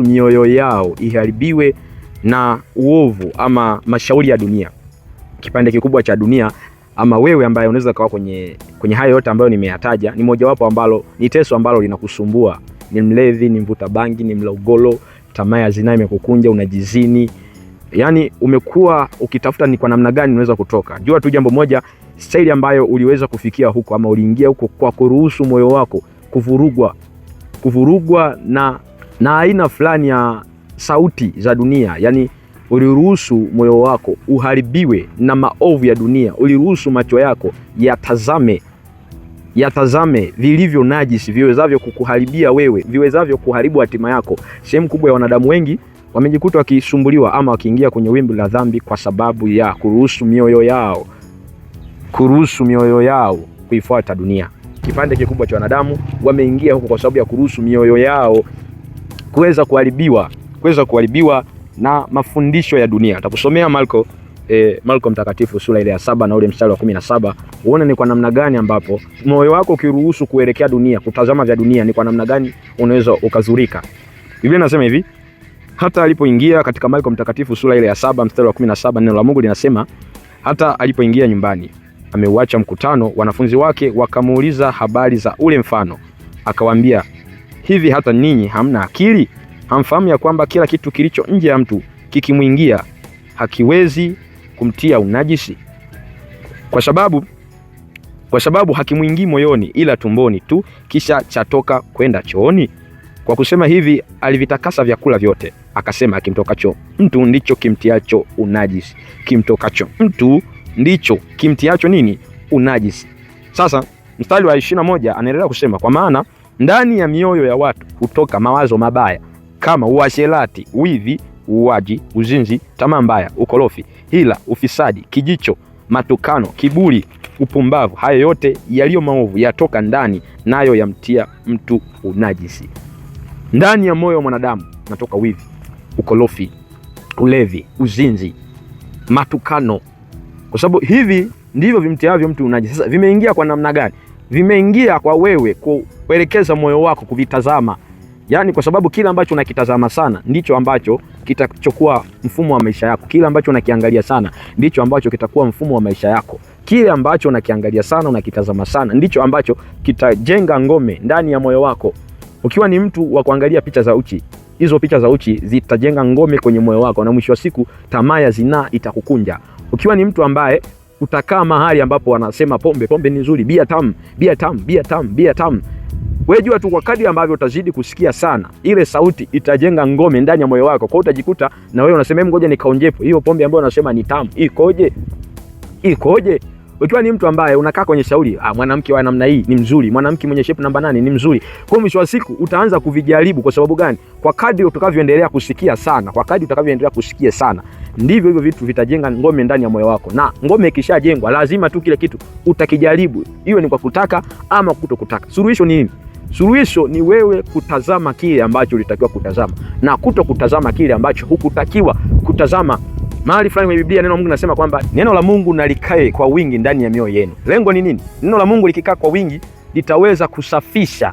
kuruhusu mioyo yao iharibiwe na uovu ama mashauri ya dunia, kipande kikubwa cha dunia. Ama wewe ambaye unaweza kawa kwenye, kwenye haya yote ambayo nimeyataja, ni mojawapo ambalo ni teso ambalo linakusumbua ni mlevi, ni mvuta bangi, ni mlaugolo, tamaa ya zinaa imekukunja, unajizini, yani umekuwa ukitafuta ni kwa namna gani unaweza kutoka. Jua tu jambo moja, staili ambayo uliweza kufikia huko ama uliingia huko kwa kuruhusu moyo wako kuvurugwa, kuvurugwa na na aina fulani ya sauti za dunia, yani uliruhusu moyo wako uharibiwe na maovu ya dunia, uliruhusu macho yako yatazame yatazame vilivyo najisi viwezavyo kukuharibia wewe, viwezavyo kuharibu hatima yako. Sehemu kubwa ya wanadamu wengi wamejikuta wakisumbuliwa ama wakiingia kwenye wimbi la dhambi kwa sababu ya kuruhusu mioyo yao kuruhusu mioyo yao kuifuata dunia. Kipande kikubwa cha wanadamu wameingia huko kwa sababu ya kuruhusu mioyo yao kuweza kuharibiwa, kuweza kuharibiwa na mafundisho ya dunia. Atakusomea Marko E, Marko mtakatifu sura ile ya saba na ule mstari wa kumi na saba uone ni kwa namna gani ambapo moyo wako ukiruhusu kuelekea dunia, kutazama vya dunia, ni kwa namna gani unaweza ukazurika. Biblia inasema hivi, hata alipoingia katika Marko mtakatifu sura ile ya saba mstari wa kumi na saba neno la Mungu linasema hata alipoingia nyumbani, ameuacha mkutano, wanafunzi wake wakamuuliza habari za ule mfano, akawaambia Hivi hata ninyi hamna akili? Hamfahamu ya kwamba kila kitu kilicho nje ya mtu kikimwingia hakiwezi kumtia unajisi, kwa sababu kwa sababu hakimwingii moyoni ila tumboni tu, kisha chatoka kwenda chooni. Kwa kusema hivi alivitakasa vyakula vyote, akasema kimtokacho mtu ndicho kimtiacho unajisi, kimtokacho mtu ndicho kimtiacho nini? Unajisi. Sasa mstari wa 21 anaendelea kusema kwa maana ndani ya mioyo ya watu hutoka mawazo mabaya kama uasherati, wivi, uuaji, uzinzi, tamaa mbaya, ukorofi, hila, ufisadi, kijicho, matukano, kiburi, upumbavu. Hayo yote yaliyo maovu yatoka ndani, nayo yamtia mtu unajisi. Ndani ya moyo wa mwanadamu natoka wivi, ukorofi, ulevi, uzinzi, matukano, kwa sababu hivi ndivyo vimtiavyo mtu unajisi. Sasa vimeingia kwa namna gani? Vimeingia kwa wewe kwa Welekeza moyo wako kuvitazama, yaani kwa sababu kila ambacho unakitazama sana ndicho ambacho kitachukua mfumo wa maisha yako. Kile ambacho unakiangalia sana ndicho ambacho kitakuwa mfumo wa maisha yako. Kile ambacho unakiangalia sana, unakitazama sana ndicho ambacho kitajenga ngome ndani ya moyo wako. Ukiwa ni mtu wa kuangalia picha za uchi, hizo picha za uchi zitajenga ngome kwenye moyo wako, na mwisho wa siku tamaa ya zinaa itakukunja. Ukiwa ni mtu ambaye utakaa mahali ambapo wanasema pombe pombe ni nzuri, bia tamu, bia tamu, bia tamu, bia tamu wewe jua tu kwa kadri ambavyo utazidi kusikia sana ile sauti itajenga ngome ndani ya moyo wako. Kwa hiyo utajikuta na wewe unasema ngoja nikaonjepo hiyo pombe ambayo unasema ni tamu ikoje? Ikoje? Ukiwa ni mtu ambaye unakaa kwenye shauri, ah, mwanamke wa namna hii ni mzuri, mwanamke mwenye shape namba nane ni mzuri. Kwa hiyo mwisho wa siku utaanza kuvijaribu. Kwa sababu gani? Kwa kadri utakavyoendelea kusikia sana, kwa kadri utakavyoendelea kusikia sana, ndivyo hivyo vitu vitajenga ngome ndani ya moyo wako, na ngome ikishajengwa, lazima tu kile kitu utakijaribu, iwe ni kwa kutaka ama kutokutaka. Suluhisho ni nini? Suluhisho ni wewe kutazama kile ambacho ulitakiwa kutazama na kuto kutazama kile ambacho hukutakiwa kutazama. Mahali fulani kwenye Biblia neno la Mungu linasema kwamba neno la Mungu nalikae kwa wingi ndani ya mioyo yenu. Lengo ni nini? Neno la Mungu likikaa kwa wingi litaweza kusafisha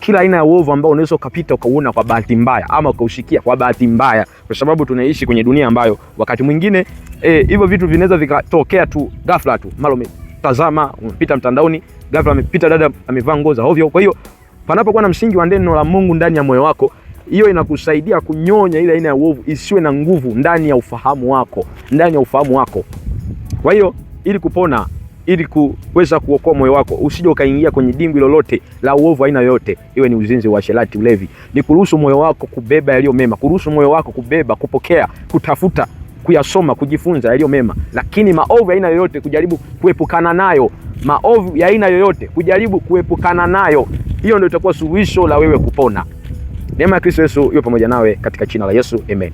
kila aina ya uovu ambao unaweza ukapita ukauona kwa bahati mbaya ama ukaushikia kwa bahati mbaya, kwa sababu tunaishi kwenye dunia ambayo wakati mwingine eh, hivyo e, vitu vinaweza vikatokea tu ghafla tu. Mara umetazama umepita mtandaoni, ghafla amepita dada amevaa nguo za ovyo, kwa hiyo Panapokuwa na msingi wa neno la Mungu ndani ya moyo wako, hiyo inakusaidia kunyonya ile aina ya uovu isiwe na nguvu ndani ya ufahamu wako, ndani ya ufahamu wako. Kwa hiyo ili kupona, ili kuweza kuokoa moyo wako, usije ukaingia kwenye dimbwi lolote la uovu aina yoyote, iwe ni uzinzi, wa uasherati, ulevi, ni kuruhusu moyo wako kubeba yaliyo mema, kuruhusu moyo wako kubeba, kupokea, kutafuta kuyasoma kujifunza yaliyo mema, lakini maovu ya aina yoyote kujaribu kuepukana nayo, maovu ya aina yoyote kujaribu kuepukana nayo. Hiyo ndio itakuwa suluhisho la wewe kupona. Neema ya Kristo Yesu iwe pamoja nawe katika jina la Yesu, amen.